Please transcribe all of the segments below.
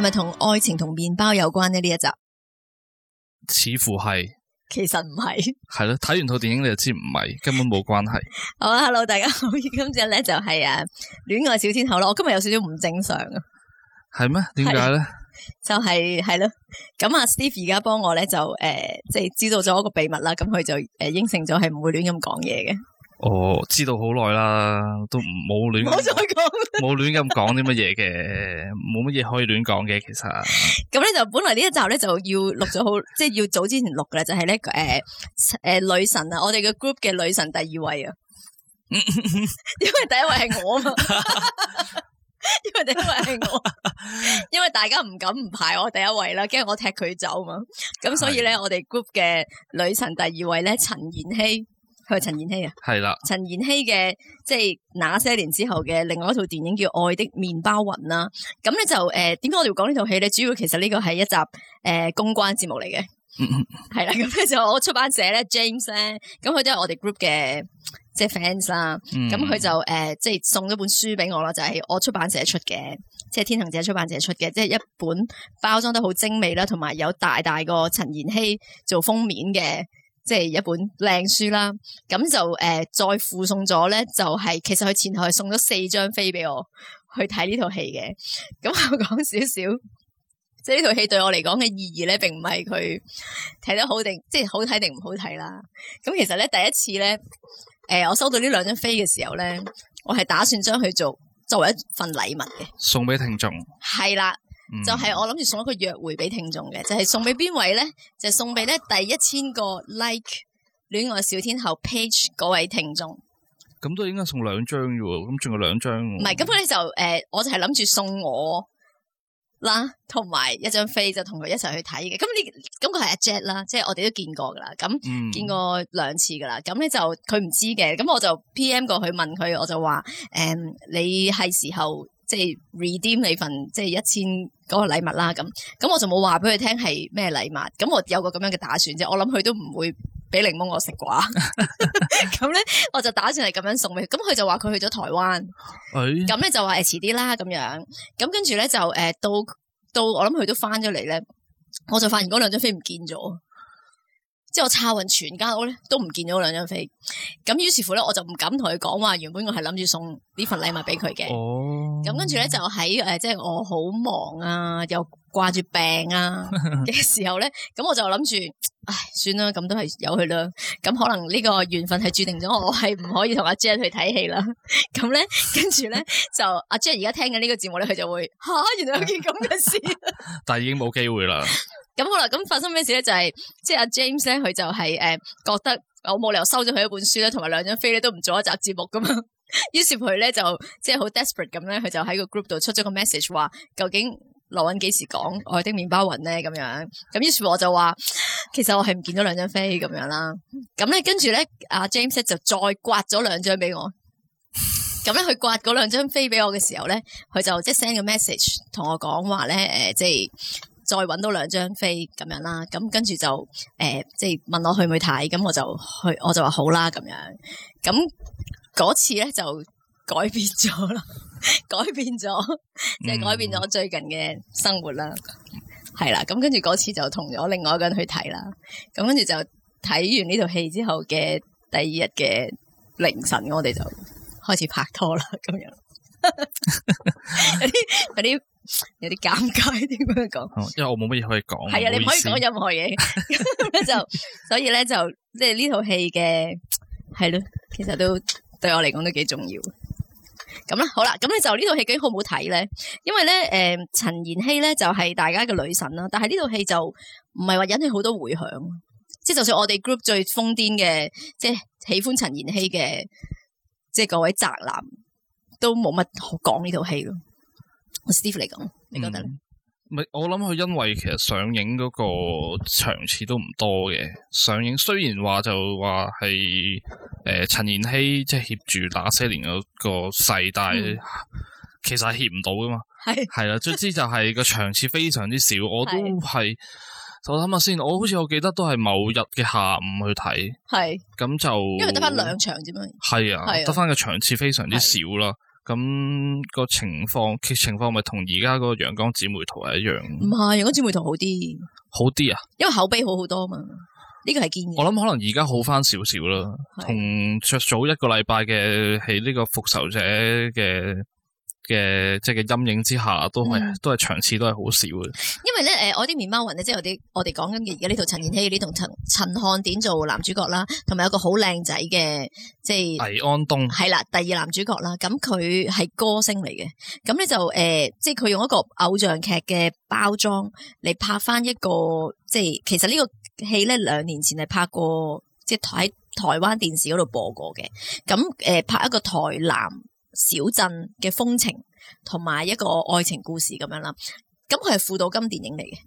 係咪同愛情同麵包有關呢？呢一集似乎係，其實唔係 ，係咯。睇完套電影你就知唔係，根本冇關係。 好啊，Hello，大家好，今次咧就係、誒、啊，戀愛小天后咯。我今日有少少唔正常啊，係咩？點解咧？就係係咯。咁阿 Steve 而家幫我咧就誒，即、呃、係、即係、知道咗一個秘密啦。咁佢就誒、呃、應承咗係唔會亂咁講嘢嘅。哦，知道好耐啦，都唔冇亂，冇再講，冇亂咁講啲乜嘢嘅，冇乜嘢可以亂講嘅，其實。咁咧就本來呢一集咧就要錄咗好，即係 要早之前錄嘅就係、是、咧，誒、呃、誒、呃呃、女神啊，我哋嘅 group 嘅女神第二位啊， 因為第一位係我啊嘛， 因為第一位係我， 因為大家唔敢唔排我第一位啦，驚我踢佢走啊嘛，咁所以咧 我哋 group 嘅女神第二位咧陳妍希。佢係陳妍希啊，係啦，陳妍希嘅即係那些年之後嘅另外一套電影叫《愛的麵包雲》啦。咁咧就誒，點、呃、解我哋會講呢套戲咧？主要其實呢個係一集誒、呃、公關節目嚟嘅。嗯嗯， 係啦。咁咧就我出版社咧 James 咧，咁佢都係我哋 group 嘅即係 fans 啦。咁佢就誒，即係、嗯呃、送咗本書俾我啦，就係、是、我出版社出嘅，即、就、係、是、天行者出版社出嘅，即、就、係、是、一本包裝得好精美啦，同埋有，有大大個陳妍希做封面嘅。即係一本靚書啦，咁就誒、呃、再附送咗咧，就係、是、其實佢前頭係送咗四張飛俾我，去睇呢套戲嘅。咁我講少少，即係呢套戲對我嚟講嘅意義咧，並唔係佢睇得好定，即係好睇定唔好睇啦。咁其實咧，第一次咧，誒、呃、我收到呢兩張飛嘅時候咧，我係打算將佢做作為一份禮物嘅，送俾聽眾。係啦。就係我諗住送一個約會俾聽眾嘅。就係、是、送俾邊位咧？就是、送俾咧第一千個 like 戀愛小天后 page 嗰位聽眾。咁都應該送兩張嘅喎，咁仲有兩張。唔係，咁咧就誒、呃，我就係諗住送我啦，同埋一張飛就同佢一齊去睇嘅。咁呢，咁個係阿 Jet 啦，即、就、係、是、我哋都見過噶啦，咁、嗯、見過兩次噶啦。咁咧就佢唔知嘅，咁我就 PM 過去問佢，我就話誒、嗯，你係時候。即係 redeem 你份即係一千嗰個禮物啦咁，咁我就冇話俾佢聽係咩禮物，咁我有個咁樣嘅打算啫，我諗佢都唔會俾檸檬我食啩，咁 咧、嗯 嗯、我就打算係咁樣送俾佢，咁、嗯、佢就話佢去咗台灣，咁、嗯、咧、嗯、就話誒、欸、遲啲啦咁樣，咁跟住咧就誒到到我諗佢都翻咗嚟咧，我就發現嗰兩張飛唔見咗。即係我拆勻全家屋咧，都唔見咗兩張飛。咁於是乎咧，我就唔敢同佢講話。原本我係諗住送呢份禮物俾佢嘅。咁跟住咧就喺誒，即係我好忙啊，又掛住病啊嘅時候咧，咁 我就諗住，唉，算啦，咁都係由佢啦。咁可能呢個緣分係注定咗，我係唔可以同阿 Jean 去睇戲啦。咁咧，跟住咧就阿 Jean 而家聽緊呢個節目咧，佢就會吓、啊，原來有件咁嘅事。 但係已經冇機會啦。 咁、 嗯、好啦，咁發生咩事咧、就是？呢就係即係阿 James 咧，佢就係誒覺得我冇理由收咗佢一本書咧，同埋兩張飛咧都唔做一集節目噶嘛。於是佢咧就即係好 desperate 咁咧，佢就喺個 group 度出咗個 message 話，究竟羅韻幾時講愛的麵包云咧？咁樣，咁於是我就話，其實我係唔見咗兩張飛咁樣啦。咁咧跟住咧阿 James 咧就再刮咗兩張俾我。咁咧佢刮嗰兩張飛俾我嘅時候咧，佢就即係，說說、呃、即係 send 個 message 同我講話咧，誒即係。再揾到兩張飛咁樣啦，咁跟住就誒，即係問我去唔去睇，咁我就去，我就話好啦咁樣。咁嗰次咧就改變咗啦，改變咗，即係改變咗最近嘅生活啦。係啦、嗯，咁跟住嗰次就同咗另外一個人去睇啦。咁跟住就睇完呢套戲之後嘅第二日嘅凌晨，我哋就開始拍拖啦。咁樣，有啲 有啲。有有啲尷尬，點樣講？因為我冇乜嘢可以講。係啊，你唔可以講任何嘢， 就所以咧就即係呢套戲嘅係咯，其實都對我嚟講都幾重要。咁啦，好啦，咁咧就戲好好呢套戲幾好唔好睇咧？因為咧，誒、呃，陳妍希咧就係、是、大家嘅女神啦、啊，但係呢套戲就唔係話引起好多回響、啊，即係就算我哋 group 最瘋癲嘅，即、就、係、是、喜歡陳妍希嘅，即係各位宅男都冇乜好講呢套戲咯。我 Steve 嚟講，你講得唔係，嗯？我諗佢因為其實上映嗰個場次都唔多嘅。上映雖然話就話係誒陳妍希即係協住那些年嗰個勢，但、嗯、其實協唔到噶嘛。係係啦，總之就係個場次非常之少。我都係就諗下先，我好似我記得都係某日嘅下午去睇。係咁 的就因為得翻兩場啫嘛。係啊，得翻嘅場次非常之少啦。的咁個情況，其情況咪同而家個《陽光姊妹淘》係一樣？唔係《陽光姊妹淘》好啲，好啲啊，因為口碑好好多嘛。呢個係建議。我諗可能而家好翻少少啦，同着的早一個禮拜嘅係呢個《復仇者》嘅。嘅即係嘅陰影之下，都係、嗯、都係場次都係好少嘅。因為咧，誒、呃、我啲麵包魂咧，即係我哋我哋講緊嘅而家呢套陳妍希呢同陳陳漢典做男主角啦，同埋有個好靚仔嘅即係倪安東，係啦，第二男主角啦。咁佢係歌星嚟嘅，咁咧就誒、呃、即係佢用一個偶像劇嘅包裝嚟拍翻一個即係其實呢個戲咧兩年前係拍過即係台喺台灣電視嗰度播過嘅。咁誒、呃、拍一個台南小鎮嘅風情同埋一個愛情故事咁樣啦，咁佢係輔導金電影嚟嘅，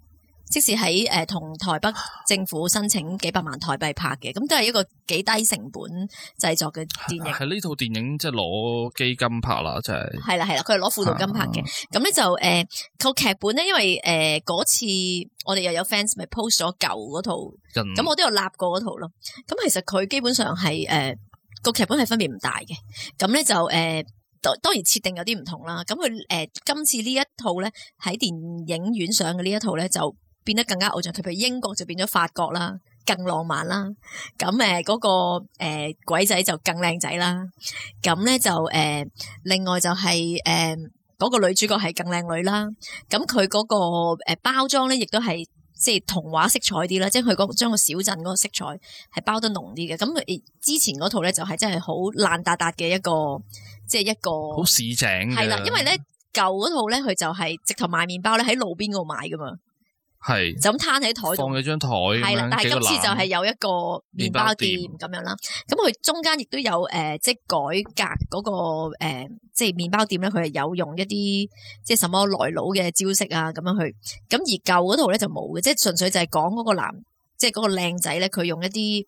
即使喺誒同台北政府申請幾百萬台幣拍嘅，咁都係一個幾低成本製作嘅電影。係呢套電影即係攞基金拍啦，就係，係啦係啦，佢係攞輔導金拍嘅，咁咧就誒、呃嗰個劇本咧，因為誒嗰、呃、次我哋又有 fans 咪 post 咗舊嗰套，咁、嗯、我都有立過嗰套咯，咁其實佢基本上係誒。呃個劇本係分別唔大嘅，咁咧就誒、呃，當然設定有啲唔同啦。咁佢誒今次呢一套咧喺電影院上嘅呢一套咧就變得更加偶像，佢譬如英國就變咗法國啦，更浪漫啦。咁誒嗰個誒、呃、鬼仔就更靚仔啦。咁咧就誒、呃，另外就係誒嗰個女主角係更靚女啦。咁佢嗰個誒包裝咧亦都係。即係童話色彩啲啦，即係佢講將個小鎮嗰個色彩係包得濃啲嘅。咁佢之前嗰套咧就係真係好爛達達嘅一個，即係一個好市井嘅。係啦，因為咧舊嗰套咧佢就係直頭賣麵包咧喺路邊度賣噶嘛。係就咁攤喺台放咗張台。係啦，但係今次就係有一個麵包店咁樣啦。咁佢中間亦都有誒，即係改革嗰個誒，即係麵包店咧，佢係有，呃那個呃、有用一啲即係什麼來佬嘅招式啊，咁樣去。咁而舊嗰套咧就冇嘅，即係純粹就係講嗰個男，即係嗰個靚仔咧，佢用一啲誒。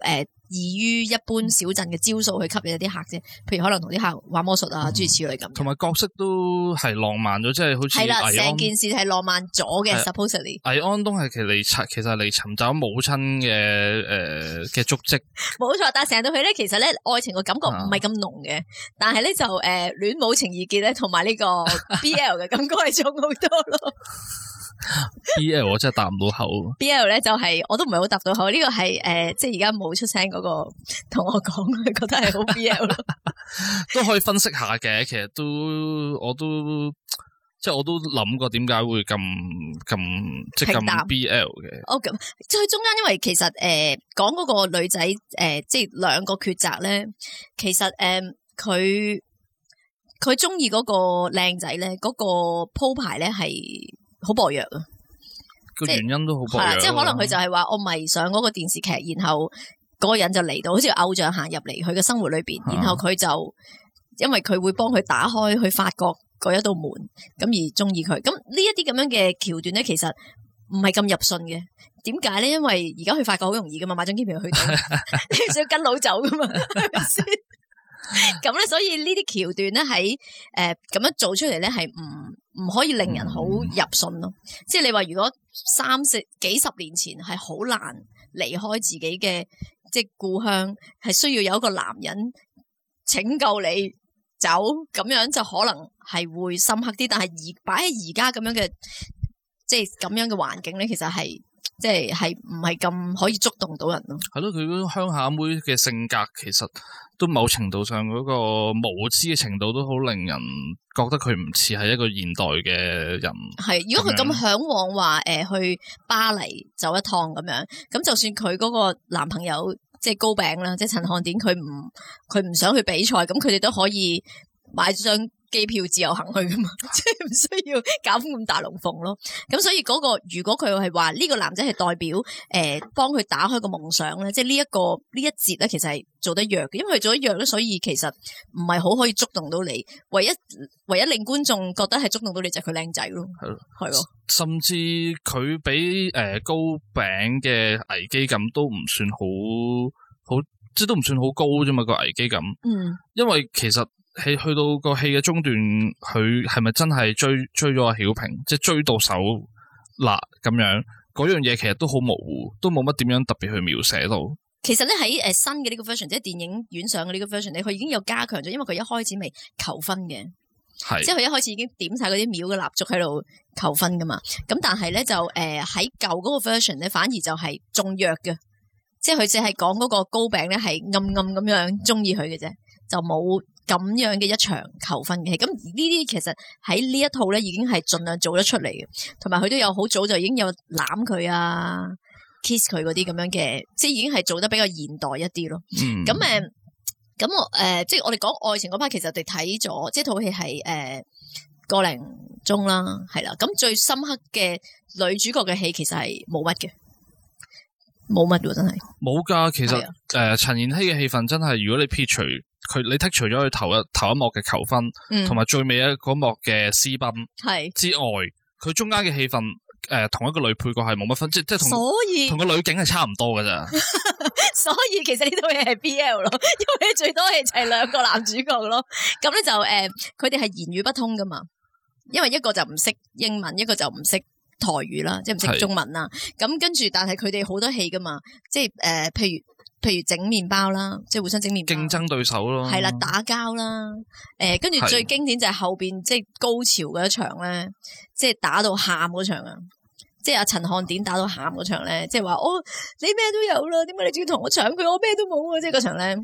呃易於一般小鎮嘅招數去吸引一啲客啫，譬如可能同啲客玩魔術啊，諸如此類咁。同埋角色都係浪漫咗，即係好似係啦，成件事係浪漫咗嘅。是 Supposedly，倪安東係嚟其實係嚟尋找母親嘅誒嘅足跡。冇錯，但成日到佢咧，其實咧愛情嘅感覺唔係咁濃嘅，啊、但係咧就誒、呃、戀母情意結咧，同埋呢個 BL 嘅感覺係重好多咯。 B L 我真係答唔、 就是、到口。B L 咧就係我都唔係好答到口，呢個係誒、呃、即係而家冇出聲嗰、嗰個同我講佢覺得係好 B L 啦，都可以分析下嘅。其實都我都即係我都諗過點解會咁咁即係咁 B L 嘅。哦，咁最中間，因為其實誒、呃、講嗰個女仔誒、呃、即係兩個抉擇咧，其實誒佢佢中意嗰個靚仔咧，嗰、嗰個鋪排咧係。好薄弱啊！個即原因都好薄弱。即係可能佢就係話，我迷上嗰個電視劇，然後嗰個人就嚟到，好似偶像行入嚟佢嘅生活裏邊，啊、然後佢就因為佢會幫佢打開去法國嗰一道門，咁而中意佢。咁呢一啲咁樣嘅橋段咧，其實唔係咁入信嘅。點解咧？因為而家去法國好容易噶嘛，買張機票去到，你想跟佬走噶嘛？咁咧，所以呢啲橋段咧喺誒咁樣做出嚟咧係唔。唔可以令人好入信咯，嗯，即係你話如果三四幾十年前係好難離開自己嘅，即係故鄉，係需要有一個男人拯救你走，咁樣就可能係會深刻啲。但係而擺喺而家咁樣嘅，即係咁樣嘅環境咧，其實係。即係係唔係咁可以觸動到人咯？係咯，佢嗰個鄉下妹嘅性格，其實都某程度上嗰個無知嘅程度，都好令人覺得佢唔似係一個現代嘅人。係，如果佢咁向往話，誒、呃，去巴黎走一趟咁樣，咁就算佢嗰個男朋友即係高餅啦，即係陳漢典，佢唔佢唔想去比賽，咁佢哋都可以買張。機票自由行去噶嘛，即係唔需要搞咁大龍鳳咯。咁所以嗰個如果佢係話呢個男仔係代表誒幫佢打開個夢想咧，即係呢一個呢一節咧，其實係做得弱嘅。因為做得弱咧，所以其實唔係好可以觸動到你。唯一唯一令觀眾覺得係觸動到你就係佢靚仔咯。係咯，係咯。甚至佢比誒高餅嘅危機感都唔算好好，即係都唔算好高啫嘛個危機感。嗯，因為其實。係去到個戲嘅中段，佢係咪真係追追咗阿曉平，即係追到手嗱咁樣？嗰樣嘢其實都好模糊，都冇乜點樣特別去描寫到。其實咧喺誒新嘅呢個 version，即係電影院上嘅呢個 version 咧，佢已經有加強咗，因為佢一開始未求婚嘅，係是，即係佢一開始已經點晒嗰啲廟嘅蠟燭喺度求婚噶嘛。咁但係咧就誒喺舊嗰個 version 咧，反而就係仲弱嘅，即係佢只係講嗰個糕餅咧係暗暗咁樣中意佢嘅啫，就冇。咁樣嘅一場求婚嘅戲，咁呢啲其實喺呢一套咧，已經係盡量做得出嚟嘅，同埋佢都有好早就已經有攬佢啊、kiss 佢嗰啲咁樣嘅，即係已經係做得比較現代一啲咯。咁誒、嗯，咁、呃、我誒、呃，即係我哋講愛情嗰 part，其實我哋睇咗，即套戲係誒個零鐘啦，係啦。咁最深刻嘅女主角嘅戲其實係冇乜嘅，冇乜喎，真係冇噶。其實誒陳的、呃、妍希嘅戲份真係，如果你撇除。佢你剔除咗佢頭一頭一幕嘅求婚，同埋、嗯、最尾一嗰幕嘅私奔，係之外，佢是中間嘅戲份，誒、呃、同一個女配角係冇乜分，即即同所以同個女警係差唔多㗎咋。所以其實呢套嘢係 BL 咯，因為最多戲就係兩個男主角咯。咁咧 就誒，佢哋係言語不通噶嘛，因為一個就唔識英文，一個就唔識台語啦，即唔識中文啦。咁跟住，但係佢哋好多戲噶嘛，即誒、呃、譬如。譬如整麵包啦，即係互相整麵包。競爭對手咯，係啦，打交啦，誒、呃，跟住最經典就係後邊即係高潮嗰場咧，即係打到喊嗰場啊！即係阿陳漢典打到喊嗰場咧，即係話我你咩都有啦，點解你仲要同我搶佢？我咩都冇啊！即係嗰場咧，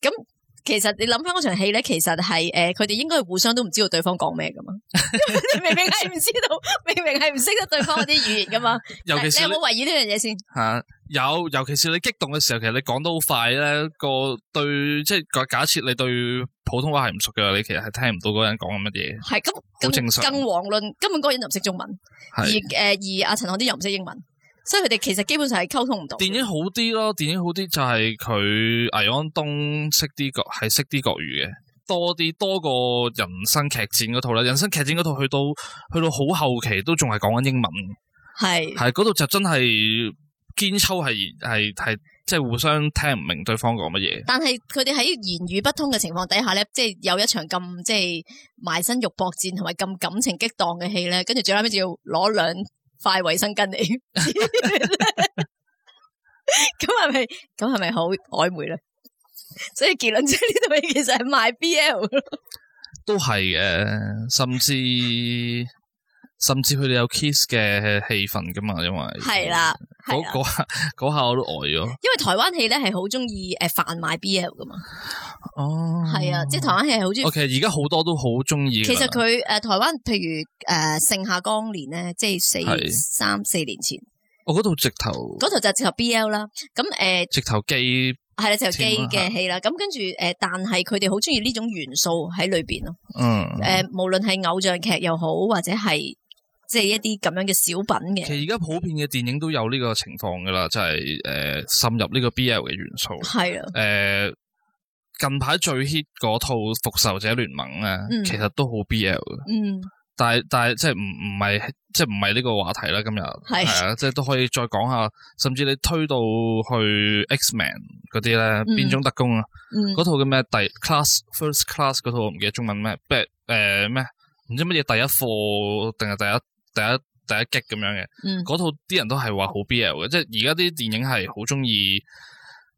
咁、嗯。其實你諗翻嗰場戲咧，其實係誒，佢、呃、哋應該互相都唔知道對方講咩噶嘛，你明明係唔知道， 明明係唔識得對方嗰啲語言噶嘛。尤其是你，你有冇懷疑呢樣嘢先？吓、啊，有，尤其是你激動嘅時候，其實你講得好快咧，個對，即係假假設你對普通話係唔熟嘅，你其實係聽唔到嗰人講緊乜嘢。係咁，正常更論。更遑論根本嗰人就唔識中文，的而誒、呃、而阿陳漢典又唔識英文。所以佢哋其實基本上係溝通唔到。電影好啲咯，電影好啲就係佢倪安東識啲國係識啲國語嘅多啲，多過人生劇戰嗰套啦，人生劇戰嗰套去到去到好後期都仲係講緊英文。係係嗰度就真係，堅秋係係係即係互相聽唔明對方講乜嘢。但係佢哋喺言語不通嘅情況底下咧，即係有一場咁即係埋身肉搏戰同埋咁感情激盪嘅戲咧，跟住最後尾，就要攞兩。快衛生巾嚟， 咁係咪咁係咪好曖昧咧？ 所以結論即呢度其實係賣 B L， 都係嘅，甚至。甚至佢哋有 kiss 嘅戲份噶嘛，因為係啦，嗰下嗰下我都呆咗。因為台灣戲咧係好中意，誒販賣 BL 噶嘛，哦，係啊，即係台灣戲係好中意。OK，而家好多都好中意。其實佢誒、呃、台灣，譬如，誒、呃《盛夏光年》咧是，即係四三四年前，我嗰套直頭，嗰套就係直頭 BL 啦。咁誒，呃、直頭基係啦，直頭基嘅戲啦。咁跟住誒，但係佢哋好中意呢種元素喺裏邊咯。嗯。誒，無論係偶像劇又好，或者係。即係一啲咁樣嘅小品嘅。其實而家普遍嘅電影都有呢個情況噶啦，就係誒滲入呢個 BL 嘅元素。係是啊。誒、呃，近排最 hit 嗰套《復仇者聯盟》咧，嗯、其實都好 BL。嗯，但。但係但係即係唔唔係即係唔係呢個話題啦。今日係是 啊，即係都可以再講下，甚至你推到去 Xman 嗰啲咧，變種特工啊？嗰、嗯、套嘅咩第 class first class 嗰套唔記得中文咩？誒、呃、咩？唔知乜嘢第一課定係第一？第一第一擊咁樣嘅，嗰套啲人都係話好 B.L. 嘅，即係而家啲電影係好中意，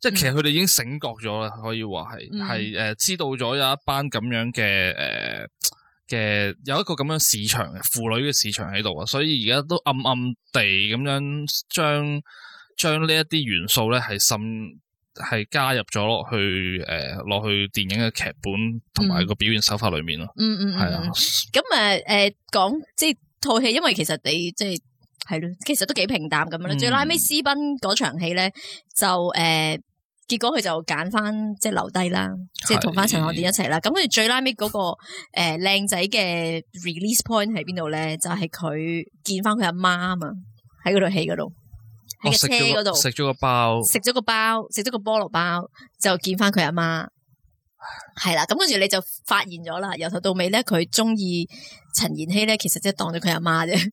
即係其實佢哋已經醒覺咗啦，可以話係係誒知道咗有一班咁樣嘅誒嘅有一個咁樣市場婦女嘅市場喺度啊，所以而家都暗暗地咁樣將將呢一啲元素咧係滲係加入咗落去誒落、呃、去電影嘅劇本同埋個表現手法裏面咯、嗯，嗯嗯，係、嗯、啊，咁誒誒講即係。套戲，因為其實你即係係咯，其實都幾平淡咁樣啦。最拉、嗯、尾私奔嗰場戲咧，就誒、呃，結果佢就揀翻即係留低啦，即係同翻陳漢典一齊啦。咁跟住最拉尾嗰、那個誒靚、呃、仔嘅 release point 喺邊度咧？就係、是、佢見翻佢阿媽啊嘛，喺嗰套戲嗰度，喺嗰度，喺、哦、個車嗰度食咗個包，食咗個包，食咗個菠蘿包，就見翻佢阿媽。係啦，咁跟住你就發現咗啦，由頭到尾咧，佢中意陳妍希咧，其實即係當咗佢阿媽啫。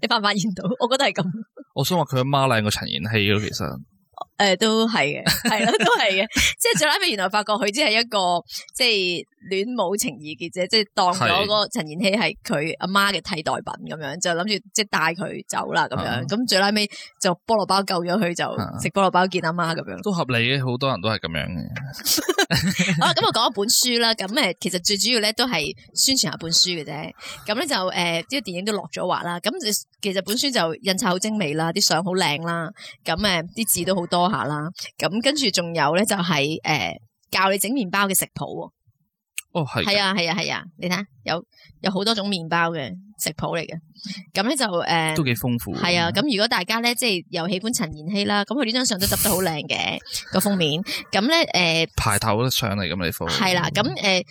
你發唔發現到？我覺得係咁。我想話佢阿媽靚過陳妍希咯，其實。 誒、呃，都係嘅，係咯， 都係嘅，即係最尾原來發覺佢只係一個即係戀母情意結者，即係當咗個陳妍希係佢阿媽嘅替代品咁樣，就諗住即係帶佢走啦咁樣，咁 最尾就菠蘿包救咗佢，就食菠蘿包見阿媽咁樣，都合理嘅，好多人都係咁樣嘅。好，咁我講一本書啦，咁、嗯、誒、嗯嗯，其實最主要咧都係宣傳下本書嘅啫，咁、嗯、咧就誒，啲、呃這個、電影都落咗畫啦，咁其實本書就印刷好精美啦，啲相好靚啦，咁、嗯、誒，啲、嗯嗯、字都好多。下啦，咁跟住仲有咧，就係誒教你整麵包嘅食譜喎。哦，係。係啊，係啊，係啊，啊，你睇下，有有好多種麵包嘅食譜嚟嘅。咁咧就誒，呃、都幾豐富。係啊，咁如果大家咧即係又喜歡陳妍希啦，咁佢呢張相都執得好靚嘅個封面。咁咧誒，呃、排頭上嚟嘅你幅。係啦、啊，咁誒。呃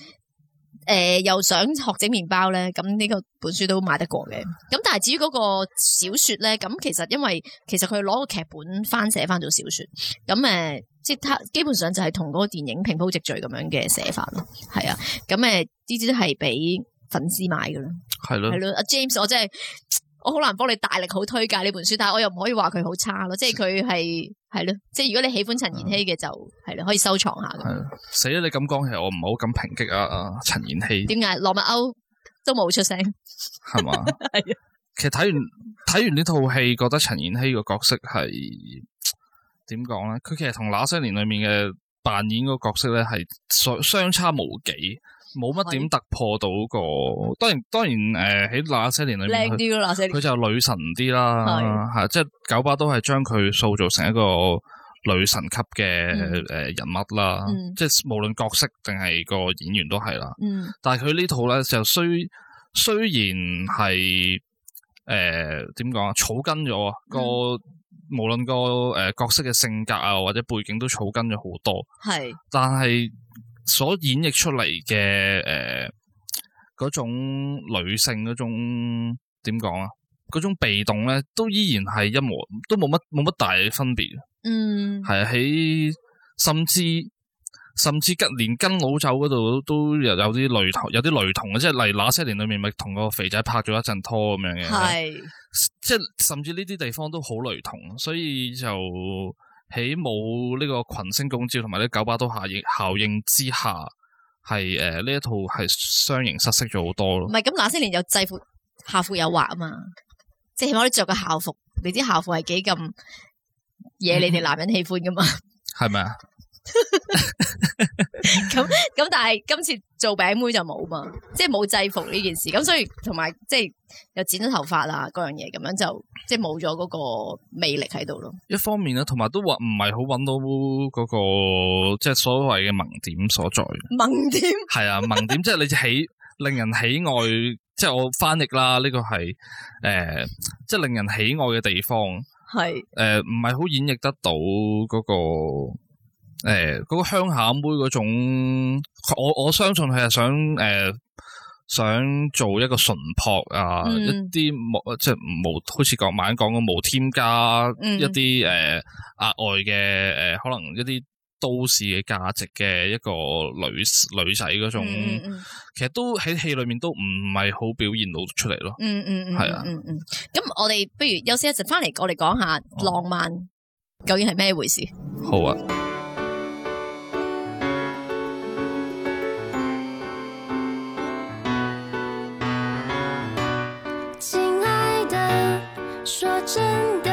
誒、呃，又想學整麵包咧，咁呢個本書都買得過嘅。咁但係至於嗰個小說咧，咁其實因為其實佢攞個劇本翻寫翻做小說，咁誒，即係他基本上就係同嗰個電影平鋪直敘咁樣嘅寫法咯。係啊，咁誒，呢、呃、啲都係俾粉絲買噶咯。係咯是的 的，係咯，阿 James，我真係。我好難幫你大力好推介呢本書，但係我又唔可以話佢好差咯，即係佢係係咯，即係如果你喜歡陳妍希嘅就係咯，可以收藏下。死啦！你咁講，其實我唔好咁抨擊啊陳妍希。點解羅密歐都冇出聲？係嘛？係啊。其實睇完睇完呢套戲，覺得陳妍希個角色係點講咧？佢其實同《那些年》裏面嘅扮演嗰個角色咧，係相相差無幾。冇乜點突破到個的，當然當然誒喺那些年裏邊，佢就女神啲啦，係即係九把刀都係將佢塑造成一個女神級嘅誒人物啦，嗯、即係無論角色定係個演員都係啦，嗯、但係佢呢套咧就雖雖然係誒點講啊草根咗個，嗯、無論個誒角色嘅性格啊或者背景都草根咗好多，係的但係。所演繹出嚟嘅誒嗰種女性，嗰種點講啊，嗰種被動咧都依然係一模都冇乜，冇乜大分別嘅，嗯，係喺甚至甚至，甚至跟連跟老走嗰度都有啲雷，有啲雷同，有啲雷同嘅，即係例如那些年裏面咪同個肥仔拍咗一陣拖咁樣嘅，係是即係甚至呢啲地方都好雷同，所以就。起冇呢、這個群星拱照同埋呢九把刀效，效應之下，係誒呢一套係雙形失色咗好多咯。唔係，咁那些年有制服校服誘惑啊嘛，即係起碼你着個校服，你知校服係幾咁惹你哋男人喜歡噶嘛、嗯？係咪啊？ 咁咁， 但係今次做餅妹就冇嘛，即係冇制服呢件事。咁所以同埋即係又剪咗頭髮啊，嗰樣嘢咁樣就即係冇咗嗰個魅力喺度咯。一方面呢，同埋都話唔係好揾到嗰、那個即係、就是、所謂嘅萌點所在。萌點係啊，萌點即係你喜令人喜愛，即係 我翻譯啦，呢、這個係誒即係令人喜愛嘅地方係誒唔係好演繹得到嗰、那個。誒，嗰、哎那個鄉下妹嗰種，我我相信佢係想誒、呃，想做一個純樸啊，嗯、一啲無即係無，好似國晚講咁冇添加一啲誒額外嘅誒、呃，可能一啲都市嘅價值嘅一個女女仔嗰種，嗯嗯嗯嗯、其實都喺戲裏面都唔係好表現到出嚟咯、嗯。嗯嗯係啊，嗯嗯。咁我哋不如唞先一陣翻，嚟我哋講下浪漫究竟係咩回事？好啊。說真的。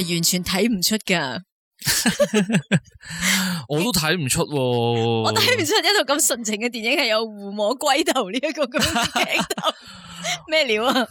係完全睇唔出噶， 我都睇唔出、啊。 我睇唔出一部咁純情嘅電影係有胡摸龜頭呢一個角度，咩料啊？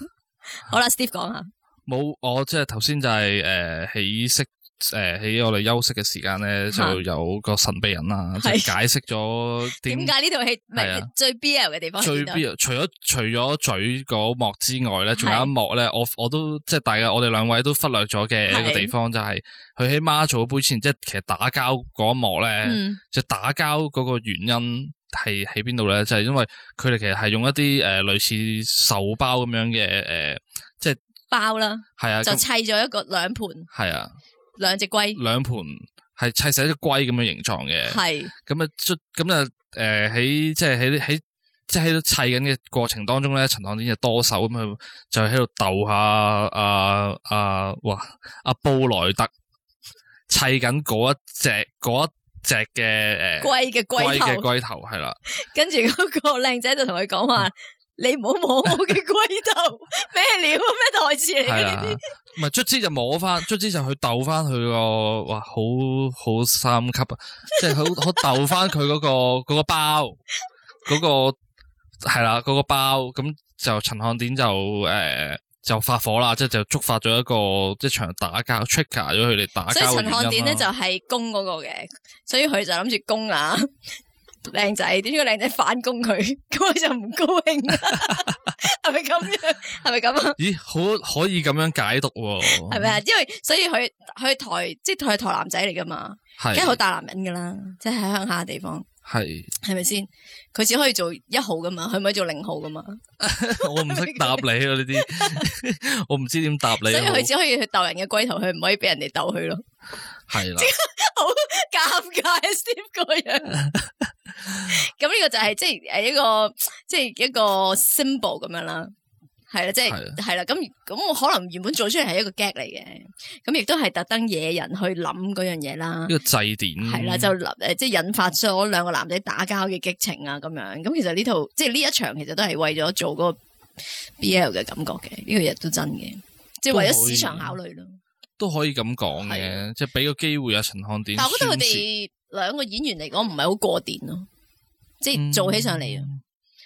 好啦 ，Steve 講下，冇我即係頭先就係誒起色。誒，喺我哋休息嘅時間咧，就有個神秘人啦，即係解釋咗點解呢套戲係啊最 B L 嘅地方。最 B L 除咗除咗嘴嗰幕之外咧，仲有一幕咧，我我都即係大家我哋兩位都忽略咗嘅一個地方，就係佢喺孖做杯前，即係其實打交嗰一幕咧，就打交嗰個原因係喺邊度咧？就係因為佢哋其實係用一啲誒類似手包咁樣嘅誒，即係包啦，係啊，就砌咗一個兩盤，係啊。兩隻龜，兩盤係砌成一隻龜咁樣形狀嘅，係咁啊咁啊誒，喺、嗯嗯呃、即係喺喺即係喺砌緊嘅過程當中咧，陳漢典就多手咁去、嗯、就喺度鬥下啊啊！哇，阿、啊、布萊德砌緊嗰一隻一隻嘅誒、呃、龜嘅龜嘅龜頭係啦，龜龜 跟住嗰個靚仔就同佢講話、啊。你唔好摸我嘅龜頭咩料咩台詞嚟？係啊，唔係卒之就摸翻，卒之就去逗翻佢個哇，好好三級，即係好好逗翻佢嗰個、那個包，嗰、那個係啦，嗰、啊那個包咁就陳漢典就誒、欸、就發火啦，即係就觸、是、發咗一個即係、就是、場打交 trigger 咗佢哋打交、就是。所以陳漢典咧就係攻嗰個嘅，所以佢就諗住攻啊。靚仔，點解靚仔反攻佢？咁佢就唔高興，係咪咁樣？係咪咁啊？咦，好可以咁樣解讀喎、哦？係咪啊？因為所以佢佢台即係台台男仔嚟噶嘛，係即好大男人噶啦，即係喺鄉下地方，係係咪先？佢只可以做一號噶嘛，佢唔可以做零號噶嘛？ 我唔識答你咯，呢啲 這些 我唔知點答你。所以佢只可以去鬥人嘅龜頭，佢唔可以俾人哋鬥佢咯。係 啦的，好尷尬啊私敵個樣。 咁呢、 嗯這個就係即係一個即係一個 symbol 咁樣啦，係啦，即係係啦。咁咁我可能原本做出嚟係一個 gag 嚟嘅，咁亦都係特登惹人去諗嗰樣嘢啦。呢個祭典係啦、嗯嗯嗯，就誒即係引發咗兩個男仔打交嘅激情啊，咁樣。咁其實呢套即係呢一場，其實都係為咗做嗰個 BL 嘅感覺嘅，呢、這個嘢都真嘅，即係為咗市場考慮咯。都可以咁講嘅，的即係俾個機會阿陳漢典。但係我覺得佢哋。兩個演員嚟講唔係好過電咯，即係做起上嚟，嗯、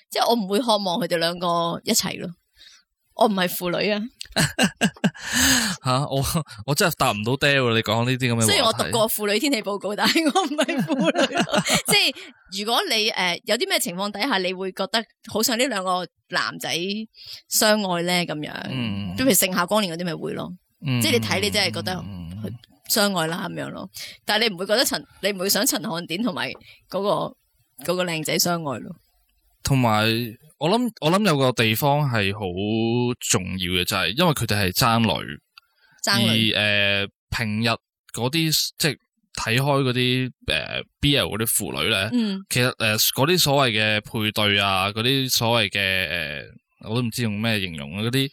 即係我唔會渴望佢哋兩個一齊咯。我唔係婦女啊，吓 、啊、我我真係答唔到爹。你講呢啲咁樣，雖然我讀過《婦女天氣報告》但啊，但係我唔係婦女。即係如果你誒、呃、有啲咩情況底下，你會覺得好想呢兩個男仔相愛咧咁樣，嗯、比如《盛夏光年》嗰啲咪會咯。即係你睇，你真係覺得。嗯嗯相愛啦咁樣咯，但係你唔會覺得陳，你唔會想陳漢典同埋嗰個嗰、嗰個靚仔相愛咯。同埋我諗，我諗有個地方係好重要嘅，就係、是，因為佢哋係爭女，爭女而誒、呃、平日嗰啲即係睇開嗰啲誒 BL 嗰啲腐女咧，嗯、其實誒嗰啲所謂嘅配對啊，嗰啲所謂嘅誒，我都唔知用咩形容啊，嗰啲。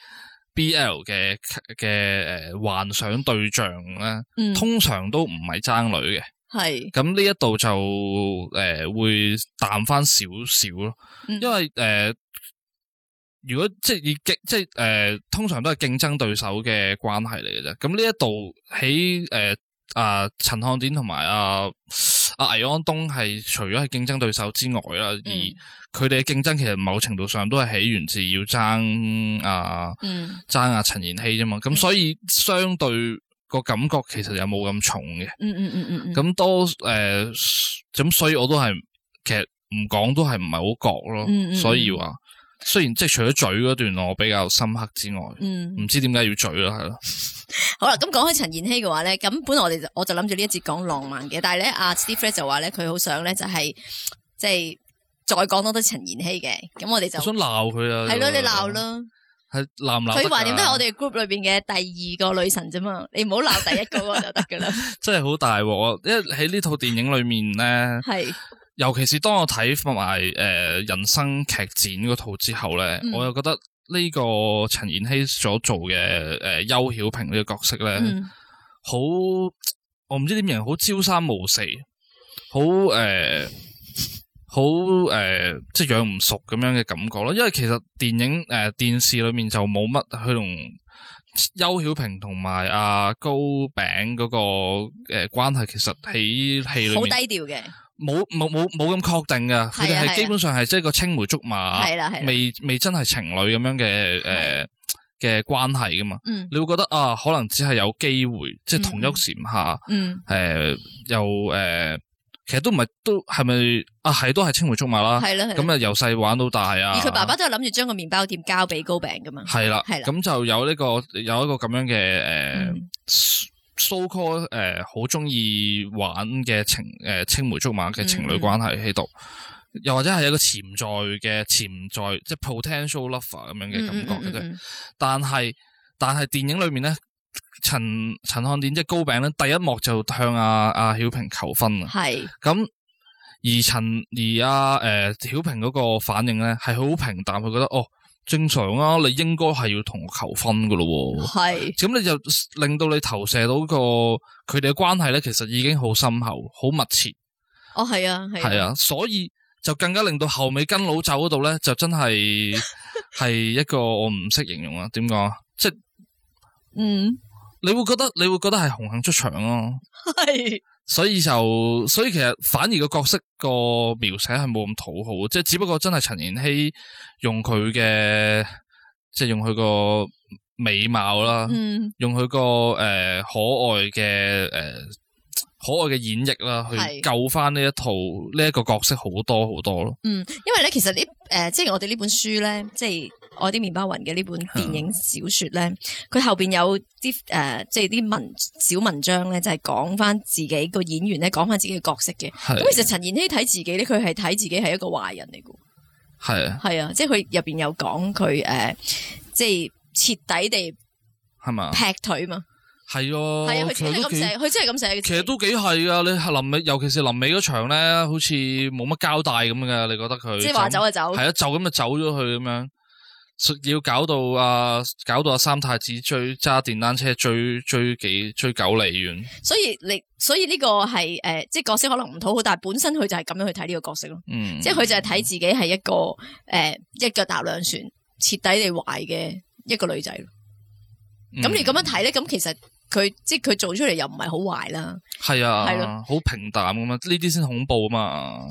B.L. 嘅嘅誒幻想對象咧，通常都唔係爭女嘅，係咁呢一度就誒會淡翻少少咯，因為誒如果即係以即係誒通常都係競爭對手嘅關係嚟嘅啫，咁呢一度喺誒啊陳漢典同埋啊。呃阿倪安東係除咗係競爭對手之外啦，嗯、而佢哋嘅競爭其實某程度上都係起源自要爭啊，嗯、爭阿、啊、陳妍希啫嘛，咁、嗯、所以相對個感覺其實又冇咁重嘅，咁都誒，咁、嗯嗯嗯呃、所以我都係其實唔講都係唔係好覺咯，嗯嗯嗯、所以話。雖然即係除咗嘴嗰段我比較深刻之外，嗯，唔知點解要嘴咯，係咯。好啦，咁講開陳妍希嘅話咧，咁本來我哋就我就諗住呢一節講浪漫嘅，但係咧阿 Steve Fred 就話咧佢好想咧就係即係再講多啲陳妍希嘅，咁我哋就我想鬧佢啊，係咯了，這個，你鬧咯，係鬧唔鬧？佢話點都係我哋 group 裏邊嘅第二個女神啫嘛，你唔好鬧第一個就得噶啦。真係好大鑊啊！因為喺呢套電影裏面咧，係。 尤其是當我睇埋誒人生劇展嗰套之後咧，嗯、我又覺得呢個陳妍希所做嘅誒、呃、邱曉平呢個角色咧，好、嗯、我唔知點形容，好朝三暮四，好誒、好、呃、誒、呃，即係養唔熟咁樣嘅感覺咯。因為其實電影誒、呃、電視裏面就冇乜去同邱曉平同埋阿高餅嗰、那個誒、呃、關係，其實喺戲裏好低調嘅。冇冇冇冇咁確定嘅，佢哋係基本上係即係個青梅竹馬，未未真係情侶咁樣嘅誒嘅關係噶嘛。嗯、你會覺得啊，可能只係有機會，即係同一時下，誒又誒，呃，其實都唔係都係咪啊？係都係青梅竹馬啦。係啦，咁啊由細玩到大啊。而佢爸爸都係諗住將個麵包店交俾糕餅噶嘛。係啦，係啦，咁就有呢個有一個咁樣嘅誒。呃 so called 誒好中意玩嘅情誒、呃、青梅竹馬嘅情侶關係喺度，嗯、又或者係一個潛在嘅潛在即係 potential lover 咁樣嘅感覺嘅啫、嗯嗯嗯。但係但係電影裏面咧，陳陳漢典即高餅咧，第一幕就向阿、啊、阿、啊啊、曉萍求婚啊。係咁是，而陳而啊，誒、呃、曉萍嗰個反應咧係好平淡，佢覺得哦。正常啊，你應該係要同我求婚嘅咯喎。係是。咁你就令到你投射到個佢哋嘅關係咧，其實已經好深厚、好密切。哦，係啊，係啊。係啊，所以就更加令到後尾跟老竇嗰度咧，就真係係 一個我唔識形容啊，點講？即係，嗯你，你會覺得你會覺得係紅杏出牆咯、啊。係。所以就，所以其實反而個角色、個描寫係冇咁討好，即係只不過真係陳妍希用佢嘅，即係用佢個美貌啦，嗯、用佢個誒可愛嘅誒、呃、可愛嘅演繹啦，去救翻呢一套呢一是個角色好多好多咯。嗯，因為咧其實呢誒、呃、即係我哋呢本書咧即係。我啲麵包魂嘅呢本電影小說咧，佢、嗯、後邊有啲誒、呃，即係啲文小文章咧，就係講翻自己個演員咧，講翻自己嘅角色嘅。咁是的 其實陳妍希睇自己咧，佢係睇自己係一個壞人嚟嘅。係啊，係啊，即係佢入邊有講佢誒，即係徹底地係嘛劈腿嘛。係啊，係啊，佢真係咁寫，佢真係咁寫。其實都幾係噶，你臨尾，尤其是臨尾嗰場咧，好似冇乜交代咁嘅。你覺得佢即係話走就走，係啊，就咁就走咗去咁樣。要搞到啊，搞到阿三太子追揸電單車追追幾追九離遠，所以你所以呢個係誒、呃、即係角色可能唔討好，但係本身佢就係咁樣去睇呢個角色咯，嗯、即係佢就係睇自己係一個誒、呃、一腳踏兩船徹底地壞嘅一個女仔，咁你咁樣睇咧，咁其實。佢即係佢做出嚟又唔係好壞啦，係啊，係咯，好平淡咁嘛。呢啲先恐怖啊嘛，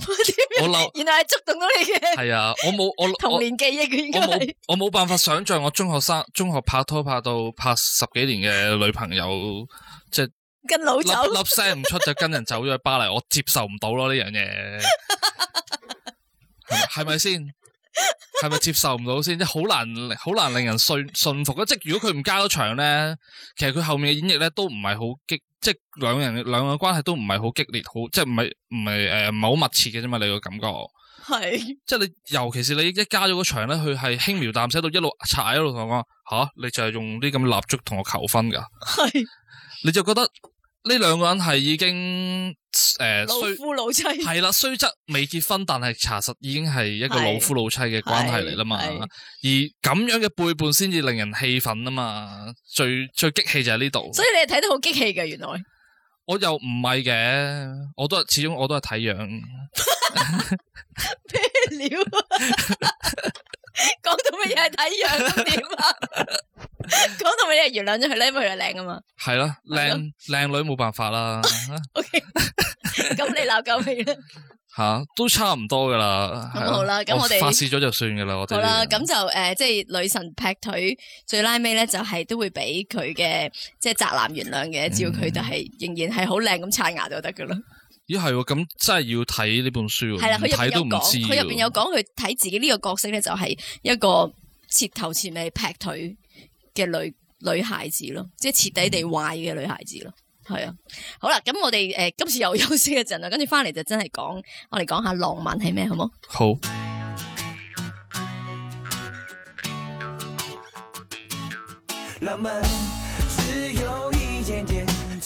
我諗、嗯，原來係觸動到你嘅 climb,，係啊、 sí,，我冇我童年記憶嘅，我冇我冇辦法想象我中學生中學拍拖拍到拍十幾年嘅女朋友，即係跟老走，粒聲唔出就跟人走咗去巴黎，我接受唔到咯呢樣嘢，係咪先？係咪 接受唔到先？即係好難，好難令人信信服咯、啊。即係如果佢唔加咗場咧，其實佢後面嘅演繹咧都唔係好激，即係兩個人兩個關係都唔係好激烈，好即係唔係唔係誒，唔係好密切嘅啫嘛。你個感覺係，是即係你尤其是你一加咗個場咧，佢係輕描淡寫到一路踩一路同我講吓，你就係用啲咁嘅蠟燭同我求婚噶，係是， 你就覺得。呢兩個人係已經誒，呃、老夫老妻係啦，雖則未結婚，但係查實已經係一個老夫老妻嘅關係嚟啦嘛。而咁樣嘅背叛先至令人氣憤啊嘛，最最激氣就喺呢度。所以你係睇得好激氣嘅，原來我又唔係嘅，我都係始終我都係睇樣。咩料？講 到乜嘢係睇樣咁點啊？講 到乜嘢係原諒咗佢呢，佢又靚啊嘛？係咯了，靚靚美女冇辦法啦。 OK，咁你鬧夠未啦？吓、 啊，都差唔多噶啦。咁好啦，咁我哋發泄咗就算噶啦。我 好啦，咁 就誒、呃，即係女神劈腿最拉尾咧，就係都會俾佢嘅即係宅男原諒嘅，只要佢就係仍然係好靚咁刷牙就得噶啦。 咦係喎，咁、啊、真係要睇呢本書喎。係啦、啊，佢睇都唔知，佢入邊有講佢睇自己呢個角色咧，就係一個徹頭徹尾劈腿嘅女女孩子咯，即係徹底地壞嘅女孩子咯。係、嗯、啊，好啦，咁我哋誒、呃、今次又休息一陣啦，跟住翻嚟就真係講，我哋講下浪漫係咩好冇？好。好浪漫，只有一件件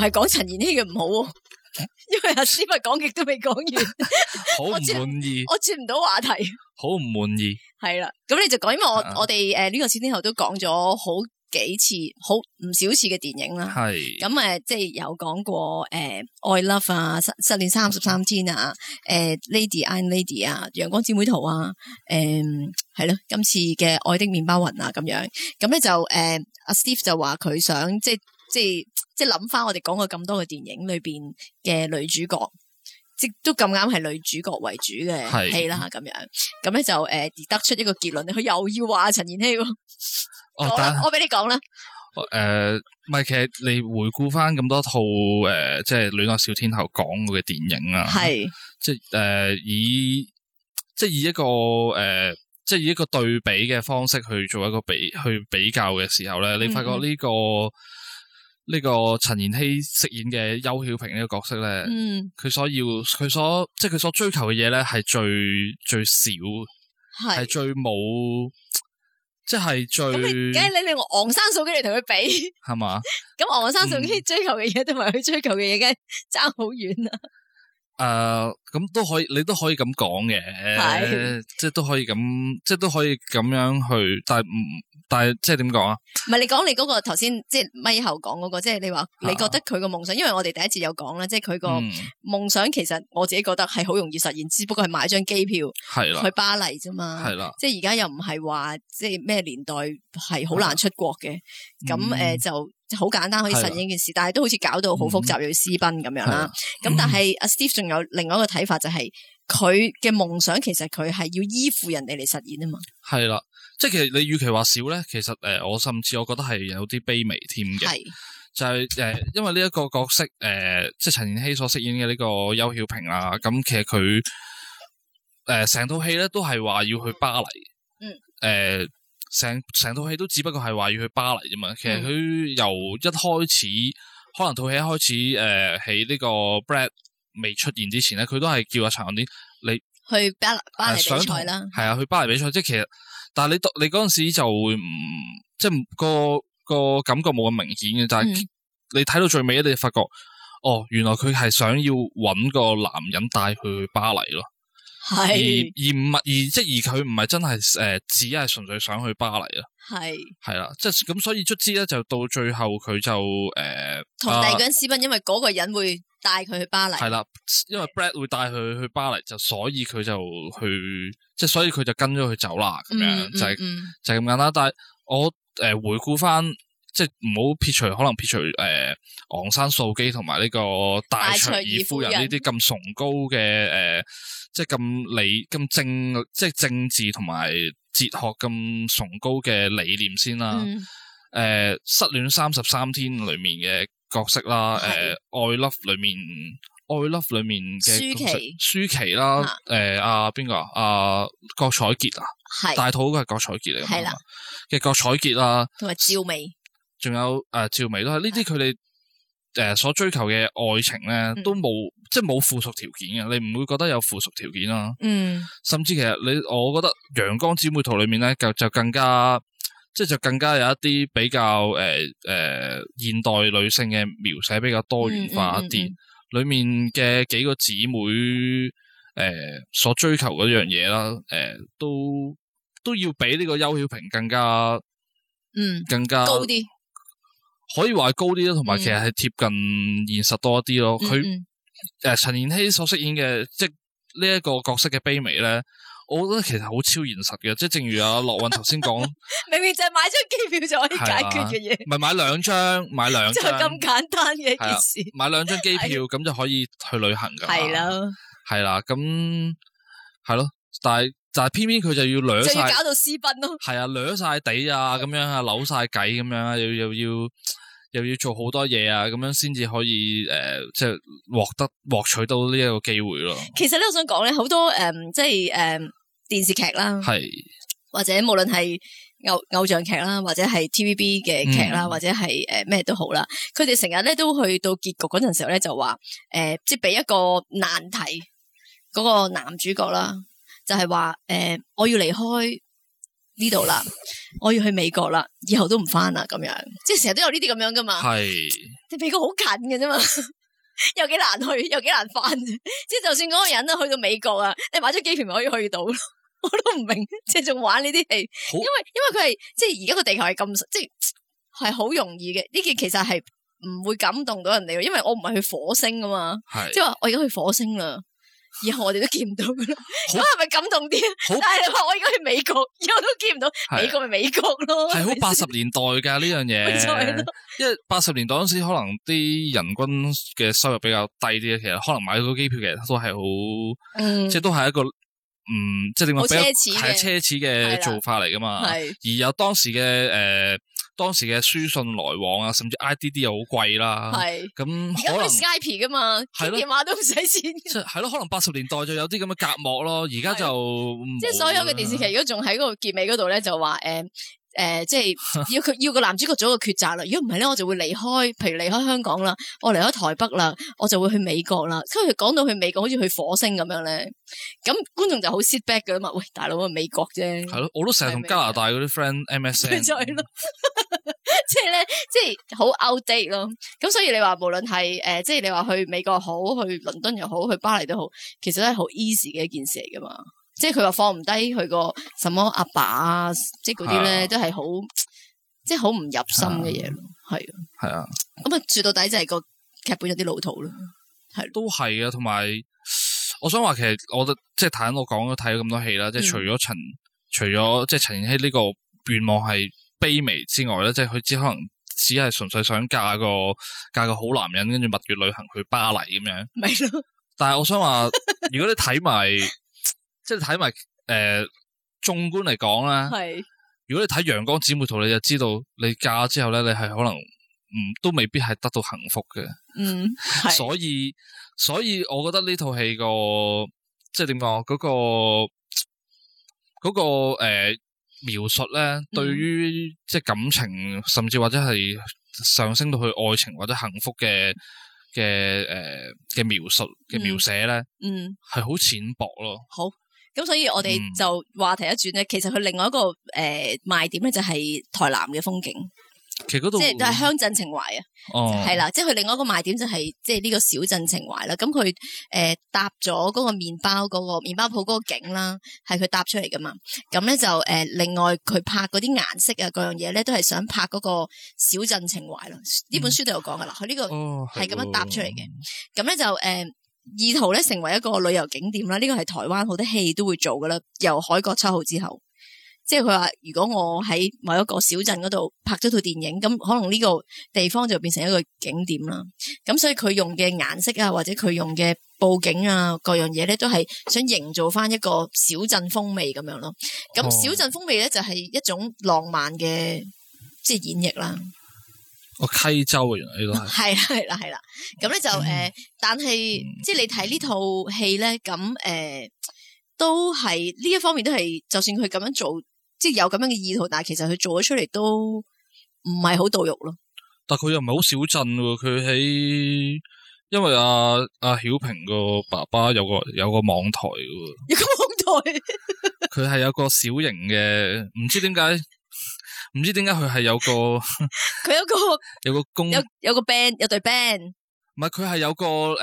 係講陳妍希嘅唔好、啊，因為阿斯咪講極都未講完，好唔滿意， 我轉唔到話題，好唔滿意。係啦， 咁你就講，因為我我哋誒呢個小天后都講咗好幾次，好唔少次嘅電影啦。係是，咁誒、呃、即係有講過誒《愛、呃、love》啊，《失失戀三十三天》啊，呃《誒 Lady and Lady》啊，《陽光姐妹淘》啊，誒係咯，今次嘅《愛的麵包魂、啊》啊咁樣。咁咧就誒阿、呃、Steve 就話佢想即係。即係即係諗翻我哋講過咁多嘅電影裏邊嘅女主角，即都咁啱係女主角為主嘅戲啦，咁，係，樣咁咧就誒、呃、得出一個結論，佢又要話陳妍希、喔。哦、我我俾你講啦。誒，係，其實你回顧翻咁多套誒、呃，即係《戀愛小天后》講嘅電影啊，係即係誒、呃、以即係以一個誒、呃，即係以一個對比嘅方式去做一個比去比較嘅時候咧，你發覺呢、這個。嗯呢個陳妍希飾演嘅邱曉平呢個角色咧，佢、嗯、所要佢所即係佢所追求嘅嘢咧，係最最少，係是最冇，即係最。梗你你昂山素季嚟，同佢比，係嘛吧？咁 昂生山素季、嗯、追求嘅嘢同埋佢追求嘅嘢，梗係爭好遠啦。誒，咁都可以，你都可以咁講嘅，係是即係都可以咁，即係都可以咁樣去，但係唔。嗯但係即係點講啊？唔係你講你嗰、嗰個頭先即係咪後講嗰、嗰個？即係你話你覺得佢個夢想？因為我哋第一次有講啦，即係佢個夢想其實我自己覺得係好容易實現，只不過係買張機票去巴黎啫嘛。係啦，即係而家又唔係話即係咩年代係好難出國嘅。咁誒就好簡單可以實現件事，的但係都好似搞到好複雜、嗯、要去私奔咁樣啦。咁的、嗯、但係阿 Steve 仲有另外一個睇法，就係，就係佢嘅夢想其實佢係要依附人哋嚟實現啊嘛。係啦的。的即係其實你與其話少咧，其實誒、呃，我甚至我覺得係有啲卑微添嘅。係是就係、是、誒、呃，因為呢一個角色誒、呃，即係陳妍希所飾演嘅呢個邱曉平啊，咁其實佢誒成套戲咧都係話要去巴黎。嗯。誒，成成套戲都只不過係話要去巴黎啫嘛。其實佢、呃嗯呃、由一開始，可能套戲一開始誒喺呢個 Brad 未出現之前咧，佢都係叫阿陳漢典你去巴黎巴黎比賽啦。係啊、呃，去巴黎比賽、嗯，即係其實。但係你讀你陣時就會唔即係個個感覺冇咁明顯嘅，嗯、但係你睇到最尾咧，你就發覺哦，原來佢係想要揾個男人帶佢去巴黎咯。是而而唔係而即而佢唔係真係誒，只係純粹想去巴黎咯。係係啦，即係咁，所以卒之咧就到最後佢就誒，同、呃、第二個人私奔，因為嗰個人會帶佢去巴黎。係啦，因為 Brad 會帶佢去巴黎，就所以佢就去，即係所以佢就跟咗佢走啦，咁樣就係就係咁簡單。但係我誒、呃、回顧翻。即係唔好撇除，可能撇除誒、呃、昂山素姬同埋呢個戴卓爾夫人呢啲咁崇高嘅誒、呃，即係咁理咁正，即係政治同埋哲學咁崇高嘅理念先啦。誒、嗯呃，失戀三十三天裏面嘅角色啦，誒是，愛、呃、love 裏面，愛 love 裏面嘅舒淇奇，舒淇啦，誒，阿邊個啊？阿郭采潔啊？係、啊啊啊、是大肚嗰個係郭采潔嚟噶嘛？嘅是吧郭采潔啊，同埋趙薇。仲有啊，趙薇都係呢啲佢哋誒所追求嘅愛情咧，都冇、嗯、即係冇附屬條件嘅，你唔會覺得有附屬條件啦。嗯，甚至其實你我覺得《陽光姊妹圖》裏面咧，就就更加即係就更加有一啲比較誒誒、呃呃、現代女性嘅描寫比較多元化一啲，裏、嗯嗯嗯嗯、面嘅幾個姊妹誒、呃、所追求嗰樣嘢啦，誒、呃、都都要比呢個邱曉平更加嗯更加，更加高啲。可以話係高啲咯，同埋其實係貼近現實多啲咯。佢誒陳妍希所飾演嘅即呢一個角色嘅卑微咧，我覺得其實好超現實嘅。即正如阿諾韻頭先講， 明明就係買張機票就可以解決嘅嘢，唔係、啊、買兩張，買兩張 就咁簡單嘅一件事，啊、買兩張機票咁、 啊、就可以去旅行噶。係啦、啊，係啦、啊，咁係咯，但係。但係偏偏佢就要掠，就要搞到私奔咯。係啊，掠晒地啊，咁樣啊，扭晒計咁樣啊，又又要又要做好多嘢啊，咁樣先至可以誒、呃，即係獲得獲取到呢一個機會咯。其實咧，我想講咧，好多誒、嗯，即係誒、嗯、電視劇啦，是或者無論係偶偶像劇啦，或者係 T V B 嘅劇啦，嗯、或者係誒咩都好啦，佢哋成日咧都去到結局嗰陣時候咧，就話誒、呃，即係俾一個難題嗰個男主角啦。就係話誒，我要離開呢度啦，我要去美國啦，以後都唔翻，啦，咁樣，即係成日都有呢啲咁樣噶嘛。係是，即美國好近嘅啫嘛，又 幾難去，又幾難翻。即係就算嗰個人都去到美國啊，你買咗機票咪可以去到？我都唔明，即係仲玩呢啲戲，因為因為佢係即係而家個地球係咁細，即係係好容易嘅。呢件其實係唔會感動到人哋，因為我唔係去火星噶嘛，是即係話我而家去火星啦。以後我哋都見唔到噶啦，咁係咪感動啲啊？好但係你話我而家去美國，以後都見唔到，是美國咪美國咯？係好八十年代噶呢 樣嘢， 因為八十年代嗰時可能啲人均嘅收入比較低啲咧，其實可能買個機票其實都係好，嗯、即係都係一個，嗯，即係點講比較係奢侈嘅做法嚟噶嘛？係，而有當時嘅誒。呃當時嘅書信來往啊，甚至 IDD 又好貴啦。係咁是、嗯、可能 Skype 噶嘛，打的電話都唔使錢。係咯，可能八十年代就有啲咁嘅隔膜咯，而家就即係所有嘅電視劇，如果仲喺嗰個結尾嗰度咧，就話誒。欸誒、 呃，即係要佢要個男主角做一個抉擇啦。如果唔係咧，我就會離開，譬如離開香港啦，我離開台北啦，我就會去美國啦。跟住講到去美國，好似去火星咁樣咧。咁觀眾就好 sit back 噶嘛。喂，大佬啊，美國啫。係咯，我都成日同加拿大嗰啲 friend MSN。 咯，即係咧，即係好 outdate 咯。咁所以你話無論係誒、呃，即係你話去美國好，去倫敦又好，去巴黎都好，其實都係好 easy 嘅一件事嚟噶嘛。即係佢話放唔低佢個什麼阿爸，爸啊，即係嗰啲咧都係好，即係好唔入心嘅嘢咯。係係啊，咁啊，住到底就係個劇本有啲老土咯。係都係啊，同埋我想話，其實我即係坦，我講咗睇咗咁多戲啦，即係除咗陳，除咗、嗯、即係陳妍希呢個願望係卑微之外咧，即係佢只可能只係純粹想嫁個嫁個好男人，跟住蜜月旅行去巴黎咁樣。係咯。但係我想話，如果你睇埋。即係睇埋誒，縱觀嚟講咧，是如果你睇《陽光姊妹淘》，你就知道你嫁咗之後咧，你係可能唔都未必係得到幸福嘅。嗯，所以，所以所以，我覺得呢套戲個即係點講嗰個嗰個誒、呃、描述咧、嗯、對於即係感情，甚至或者係上升到去愛情或者幸福嘅嘅誒嘅描述嘅描寫咧、嗯，嗯，係好淺薄咯。好。咁所以，我哋就話題一轉咧。嗯、其實佢另外一個誒、呃、賣點咧，就係台南嘅風景。其實嗰度即係都係鄉鎮情懷啊，係、嗯、啦。即係佢另外一個賣點就係、是、即係呢個小鎮情懷、啊嗯呃那個、啦。咁佢誒搭咗嗰個麵包嗰個麵包鋪嗰個景啦，係佢搭出嚟噶嘛。咁咧就誒，另外佢拍嗰啲顏色啊，各樣嘢咧都係想拍嗰個小鎮情懷咯、啊。呢本書都有講噶啦，佢呢、嗯、個係咁樣搭出嚟嘅。咁咧就誒。嗯嗯哦嗯嗯意圖咧成為一個旅遊景點啦，呢個係台灣好多戲都會做噶啦。由《海角七號》之後，即係佢話如果我喺某一個小鎮嗰度拍咗套電影，咁可能呢個地方就會變成一個景點啦。咁所以佢用嘅顏色啊，或者佢用嘅布景啊，各樣嘢咧都係想營造翻一個小鎮風味咁樣咯。咁小鎮風味咧就係一種浪漫嘅即係演繹啦。個、哦、溪州啊，原來呢度，係係啦，係 啦，係、嗯、啦。咁咧就誒，但係即係你睇呢套戲咧，咁誒都係呢一方面都係，就算佢咁樣做，即係有咁樣嘅意圖，但係其實佢做咗出嚟都唔係好墮落咯。但係佢又唔係好小鎮，佢喺因為阿阿曉平個爸爸有個有個網台嘅，有個網台，佢係有， 有個小型嘅，唔知點解。唔知點解佢係有個佢 有個 有個公有有個 band 有隊 band，唔係佢係有個誒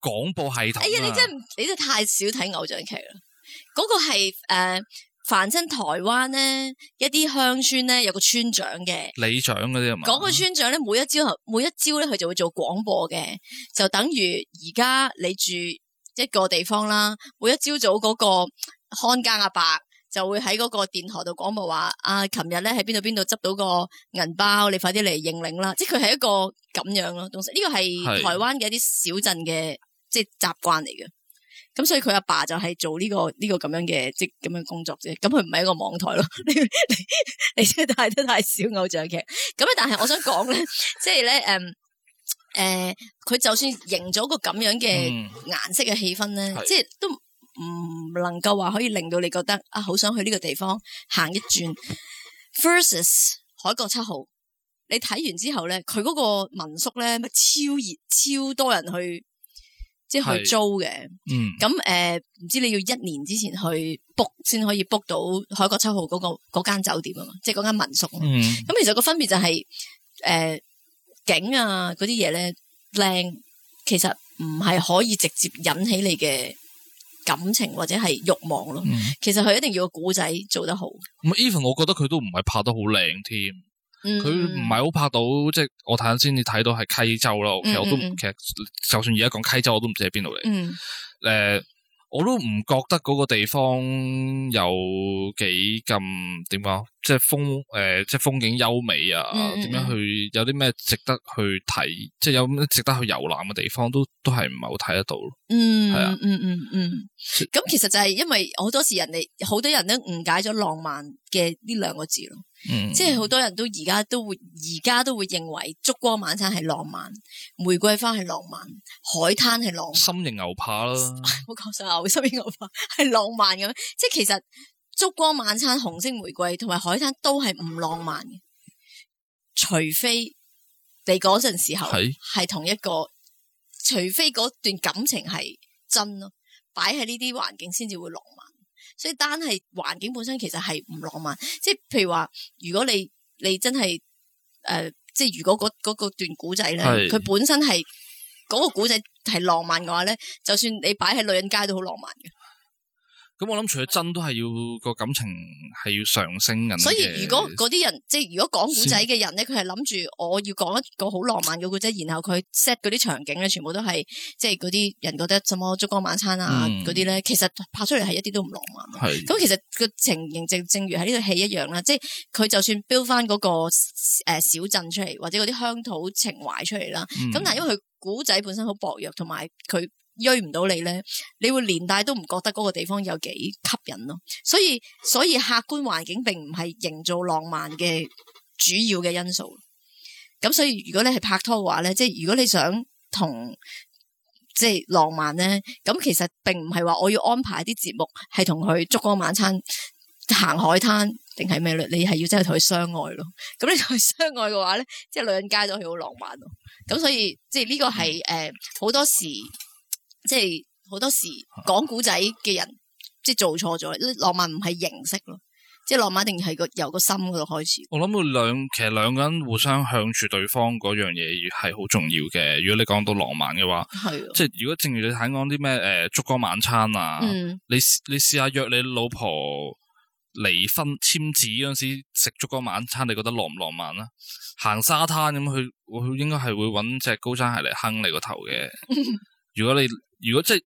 廣播系統。哎呀，你真你真太少睇偶像劇啦！嗰個係誒、呃、凡親台灣咧一啲鄉村咧有個村長嘅，理長嘅啫嘛。講個村長咧，每一朝每一朝咧，佢就會做廣播嘅，就等於而家你住一個地方啦，每一朝早嗰個看更阿伯，就會喺嗰個電台度廣播話啊，琴日咧喺邊度邊度執到個銀包，你快啲嚟認領啦！即係佢係一個咁樣咯，東西呢個係台灣嘅一啲小鎮嘅即係習慣嚟嘅。咁是所以佢阿爸，爸就係做呢、這個呢、這個咁樣嘅即係咁樣工作啫。咁佢唔係一個網台咯。你 你真係睇得太少偶像劇。咁但係我想講咧， 即係咧，誒、嗯，誒、嗯，佢就算認咗個咁樣嘅顏色嘅氣氛咧，即係都。是 唔能夠話可以令到你覺得啊，好想去呢個地方行一轉。versus 海角七號，你睇完之後咧，佢嗰個民宿咧咪超熱，超多人去，即係去租嘅。嗯，咁、呃、誒，唔知你要一年之前去 book 先可以 book 到海角七號嗰、嗰個間酒店啊嘛，即係間民宿。嗯，咁其實個分別就係、係、誒、呃、景啊啲嘢咧靚，其實唔係可以直接引起你嘅。感情或者係欲望咯，嗯、哼其實佢一定要個古仔做得好。Even 我覺得佢都唔係拍得好靚添，佢唔係好拍到即係、就是、我睇下先，至睇到係溪州咯。嗯、哼其實我都唔，其實就算而家講溪州，我都唔知喺邊度嚟。誒、嗯。Uh, 我都唔覺得嗰個地方有幾咁點講，即係風誒、呃，即係風景優美啊？點、嗯、樣去有啲咩值得去睇？即係有咩值得去遊覽嘅地方都都係唔係好睇得到？嗯，係、嗯、啊，嗯嗯嗯，咁其實就係因為好多時人哋好多人咧誤解咗浪漫。嘅呢兩個字咯，嗯、即係好多人都而家都會而家都會認為燭光晚餐係浪漫，玫瑰花係浪漫，海灘係浪漫，心形牛扒啦，唔好講上牛心形牛扒係浪漫咁，即係其實燭光晚餐、紅色玫瑰同埋海灘都係唔浪漫嘅，除非你嗰陣時候係同一個，是除非嗰段感情係真咯，擺喺呢啲環境先至會浪漫。所以單係環境本身其實係唔浪漫，即係譬如話，如果你你真係誒、呃，即係如果嗰、嗰、嗰、嗰個段古仔咧，佢是本身係嗰、嗰個古仔係浪漫嘅話咧，就算你擺喺女人街都好浪漫嘅。咁我諗，除咗真都係要個感情係要上升緊。所以如果嗰啲人，即係如果講古仔嘅人咧，佢係諗住我要講一個好浪漫嘅古仔，然後佢 set 嗰啲場景咧，全部都係即係嗰啲人覺得什麼燭光晚餐啊嗰啲咧，其實拍出嚟係一啲都唔浪漫。咁是其實個情形正正如喺呢套戲一樣啦，即係佢就算標翻嗰個誒、呃、小鎮出嚟，或者嗰啲鄉土情懷出嚟啦，咁、嗯、但係因為佢古仔本身好薄弱，同埋佢。追唔到你咧，你會連帶都唔覺得嗰個地方有幾吸引咯。所以所以客觀環境並唔係營造浪漫嘅主要嘅因素。咁所以如果你係拍拖嘅話咧，即係如果你想同即係浪漫咧，咁其實並唔係話我要安排啲節目係同佢燭光晚餐、行海灘定係咩咯？你係要真係同佢相愛咯。咁你同佢相愛嘅話咧，即係女人街都係好浪漫咯。咁所以即係呢個係誒好多時。即係好多時講古仔嘅人，即係做錯咗。浪漫唔係形式咯，即係浪漫定係個由個心嗰度開始。我諗兩其實兩個人互相向住對方嗰樣嘢係好重要嘅。如果你講到浪漫嘅話，的即係如果正如你睇講啲咩誒燭光晚餐啊，嗯、你你試下約你老婆離婚簽字嗰陣時食燭光晚餐，你覺得浪唔浪漫啦？行沙灘，咁佢佢應該係會揾隻高踭鞋嚟坑你個頭嘅。 如果你，如果即係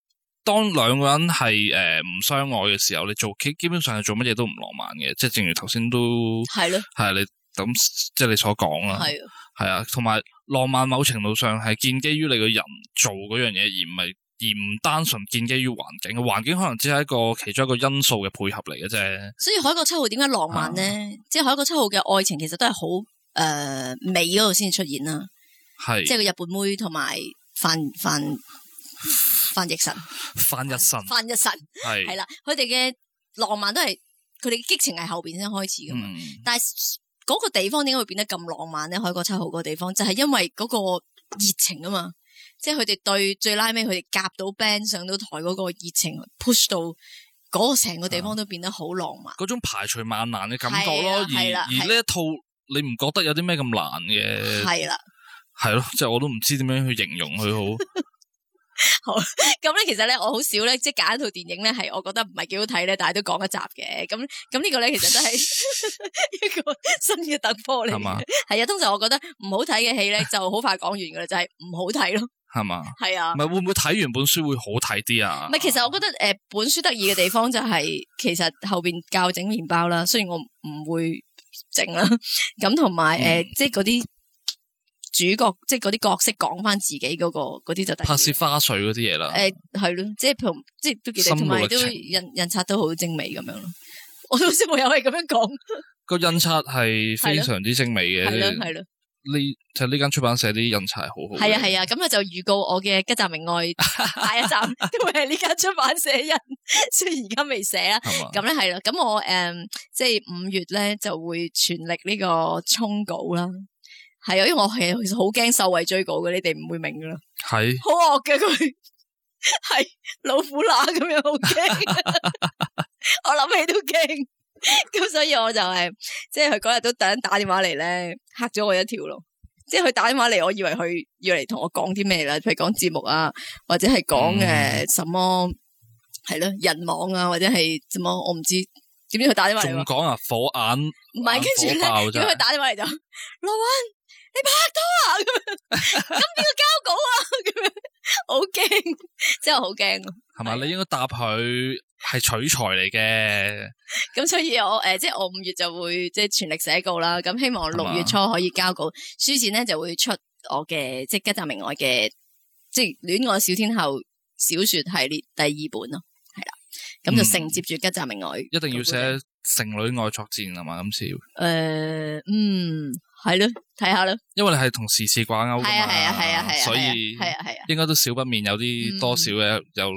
當兩個人係誒唔相愛嘅時候，你做基基本上係做乜嘢都唔浪漫嘅，即係正如頭先都係咯，係是的 你咁、嗯、即係你所講啦，係啊是的，係啊，同埋浪漫某程度上係建基於你個人做嗰樣嘢，而唔係而唔單純建基於環境，環境可能只係一個其中一個因素嘅配合嚟嘅啫。所以《海角七號》點解浪漫咧？啊、即係《海角七號》嘅愛情其實都係好誒美嗰度先出現啦，即係個日本妹同埋范范。翻譯神，翻譯神，翻譯神係係啦，佢哋嘅浪漫都係佢哋嘅激情係後邊先開始噶嘛。嗯、但係嗰、嗰個地方點解會變得咁浪漫咧？《海角七號》個地方就係因為嗰個熱情啊嘛，即係佢哋對最拉尾佢哋夾到 band 上到台嗰個熱情、嗯、push 到嗰、嗰個成個地方都變得好浪漫，嗰種排除萬難嘅感覺咯。而而呢一套你唔覺得有啲咩咁難嘅？係啦，係咯，即係我都唔知點樣去形容佢好。好咁咧， 其實咧，我好少咧，即揀一套電影咧，係我覺得唔係幾好睇咧，但係都講一集嘅。咁咁呢個咧，其實都係 一個新嘅突破嚟嘅。係嘛？係啊，通常我覺得唔好睇嘅戲咧，就好快講完噶啦，就係唔好睇咯。係嘛？係啊。唔係會唔會睇完本書會好睇啲啊？唔係，其實我覺得誒，本書得意嘅地方就係，其實後邊教整麵包啦，雖然我唔會整啦。咁同埋誒，即嗰啲。主角即係嗰啲角色講翻自己嗰、嗰個嗰啲就、哎、得。拍攝花絮嗰啲嘢啦。誒，係咯，即係同即係都幾得心路印，印刷都好精美咁樣咯。我老先冇有係咁樣講個印刷係非常之精美嘅。係咯，係咯，呢就呢間出版社啲印刷好好。係啊係啊，咁啊就預告我嘅吉集名外下一集都係呢間出版社印，雖然而家未寫啊。咁咧係咯，咁我誒即係五月咧就會全力呢個衝稿啦。係啊，因為我其實好驚受惠追稿嘅，你哋唔會明噶啦，好惡嘅，佢係老虎乸咁樣， 好驚，我諗起都驚。咁 所以我就係、是，即係佢嗰日都突然打電話嚟咧，嚇咗我一跳咯。即係佢打電話嚟，我以為佢要嚟同我講啲咩啦，譬如講節目啊，或者係講誒什麼係咯、嗯、人網啊，或者係什麼我唔知點知佢打電話嚟。仲講啊火眼唔係跟住咧，佢打電話嚟就羅 你拍拖啊？咁要交稿啊？咁 樣好驚，真係好驚咯。係嘛吧？的你應該答佢係取材嚟嘅。咁所以我誒、呃，即係我五月就會即係全力寫稿啦。咁希望六月初可以交稿。吧書展呢就會出我嘅即係吉澤明愛嘅即係戀愛小天后小說系列第二本咯。係啦，咁就承接住吉澤明愛、嗯。一定要寫剩女愛作戰啊嘛？今次誒、呃，嗯。係咯，睇下咯。看看因為你係同時事掛鈎嘅嘛，係啊係啊係啊，所以係啊係啊，應該都少不免有啲多少嘅，嗯，有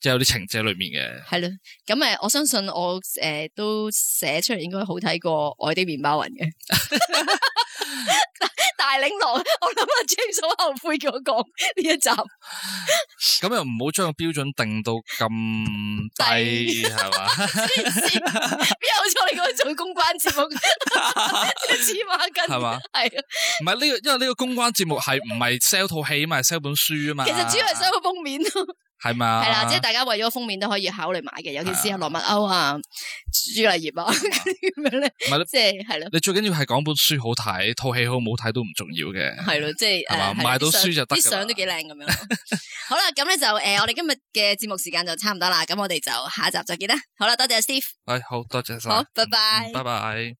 即係有啲情節裏面嘅。係咯，咁誒、呃，我相信我誒、呃、都寫出嚟應該好睇過《愛的麵包魂》嘅。 大領狼，我諗阿 Jason 後悔咗叫我講呢一集。咁 又唔好將個標準定到咁低係嘛？邊有錯？你嗰種公關節目，芝麻筋係嘛？係啊 是嗎，唔係呢個，因為呢個公關節目係唔係 sell 套戲啊嘛，sell 本書啊嘛， 其實主要係 sell 個封面咯。 係嘛？係啦， 即係大家為咗封面都可以考慮買嘅，尤其是係羅密歐啊、朱麗葉啊咁樣咧，即係係咯。你最緊要係講本書好睇，套戲好唔好睇都唔重要嘅。係咯，即係係嘛，買到書就得。啲相，相都幾靚咁樣。 好啦，咁咧就誒、呃，我哋今日嘅節目時間就差唔多啦，咁 我哋就下一集再見啦。好啦，多謝 Steve。喂、哎，好多謝，好，拜拜，嗯、拜拜。